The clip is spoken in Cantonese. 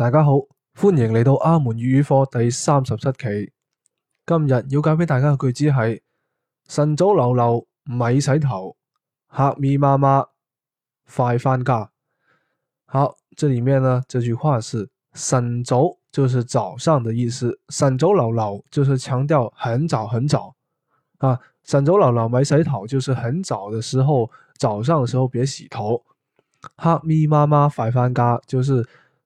大家好，歡迎嚟到阿門粵語課第三十七期。今日要教俾大家嘅句子係晨早流流咪洗頭，黑咪媽媽快翻家。好，這裏面呢，這句話是晨早，就是早上的意思。晨早流流，就是強調很早很早啊。晨早流流咪洗頭，就是很早的時候，早上嘅時候別洗頭。黑咪媽媽快翻家，就是。